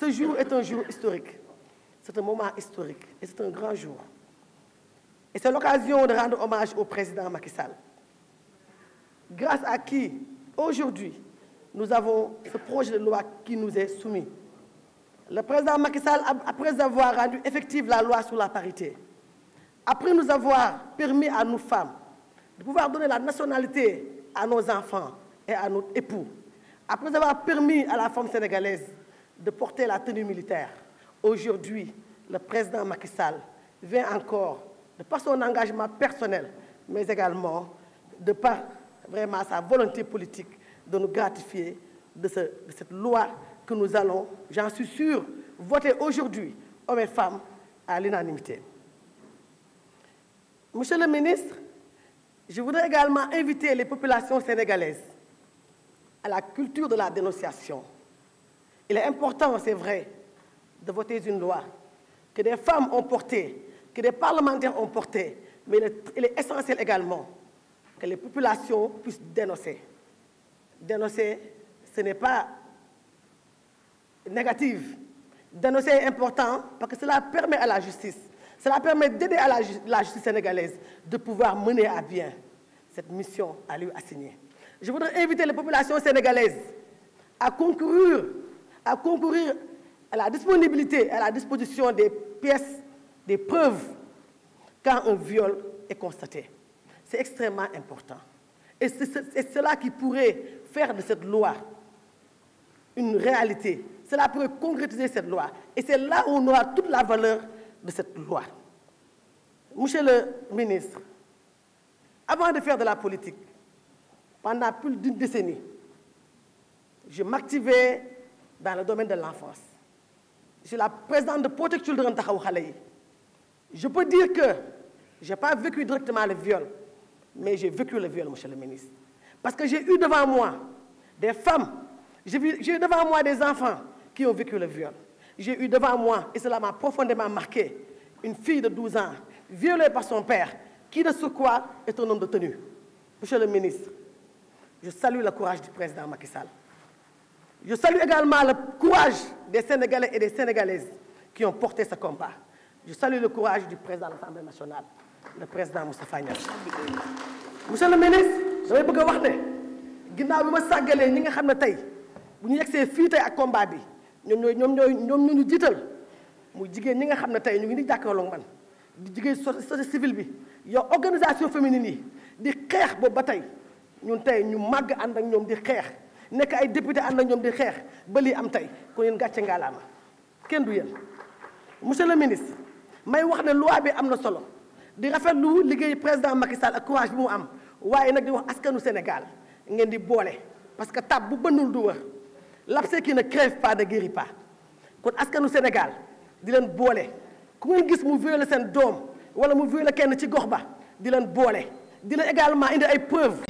Ce jour est un jour historique. C'est un moment historique et c'est un grand jour. Et c'est l'occasion de rendre hommage au président Macky Sall, grâce à qui, aujourd'hui, nous avons ce projet de loi qui nous est soumis. Le président Macky Sall, après avoir rendu effective la loi sur la parité, après nous avoir permis à nos femmes de pouvoir donner la nationalité à nos enfants et à nos époux, après avoir permis à la femme sénégalaise de porter la tenue militaire, aujourd'hui, le président Macky Sall vient encore, de par son engagement personnel, mais également de par vraiment sa volonté politique de nous gratifier de, cette loi que nous allons, j'en suis sûr, voter aujourd'hui, hommes et femmes, à l'unanimité. Monsieur le ministre, je voudrais également inviter les populations sénégalaises à la culture de la dénonciation. Il est important, c'est vrai, de voter une loi que des femmes ont portée, que des parlementaires ont portée, mais il est essentiel également que les populations puissent dénoncer. Dénoncer, ce n'est pas négatif. Dénoncer est important parce que cela permet à la justice cela permet d'aider à la, justice sénégalaise de pouvoir mener à bien cette mission à lui assigner. Je voudrais inviter les populations sénégalaises à concourir, à concourir à la disponibilité, à la disposition des pièces, des preuves quand un viol est constaté. C'est extrêmement important. Et c'est cela qui pourrait faire de cette loi une réalité. Cela pourrait concrétiser cette loi. Et c'est là où on aura toute la valeur de cette loi. Monsieur le ministre, avant de faire de la politique, pendant plus d'une décennie, je m'activais dans le domaine de l'enfance. Je suis la présidente de Protect Children Je peux dire que je n'ai pas vécu directement le viol, mais j'ai vécu le viol, monsieur le ministre. Parce que j'ai eu devant moi des femmes, j'ai eu devant moi des enfants qui ont vécu le viol j'ai eu devant moi, et cela m'a profondément marqué, une fille de 12 ans, violée par son père, qui de quoi est un homme de tenue. Monsieur le ministre, je salue le courage du président Macky Sall. Je salue également le courage des Sénégalais et des Sénégalaises qui ont porté ce combat. Je salue le courage du président de l'Assemblée nationale, le président Moussa Monsieur le ministre, vous avez wax que, vous bu ñu combat ñoom ñooy ñoom ñooy ñoom ñoo ñu jiital muy jigéen ñi nga xam ne tey ñu ngi ni jàkkaarloog man di jigéen société civile bi yow organisation féminin yi di xeex boobu ba tey ñun tey ñu màgg ànd ak ñoom di xeex nekk ay député ànd ak ñoom di xeex ba lii am tey ku leen gàcce ngaalaama kenn du yéen monsieur le ministre may wax ne loi bi am na solo di rafetlu liggéey président Macky Sall ak courage bi mu am waaye nag di wax askanu Sénégal ngeen di boole parce que tab bu bënnul du wër l'abcès qui ne crève pas ne guérit pas Quand askanu Sénégal di nous Sénégal ku ngeen gis mu violé seen doom wala mu violé kenn ci gox de di leen boole di leen également indi ay preuves.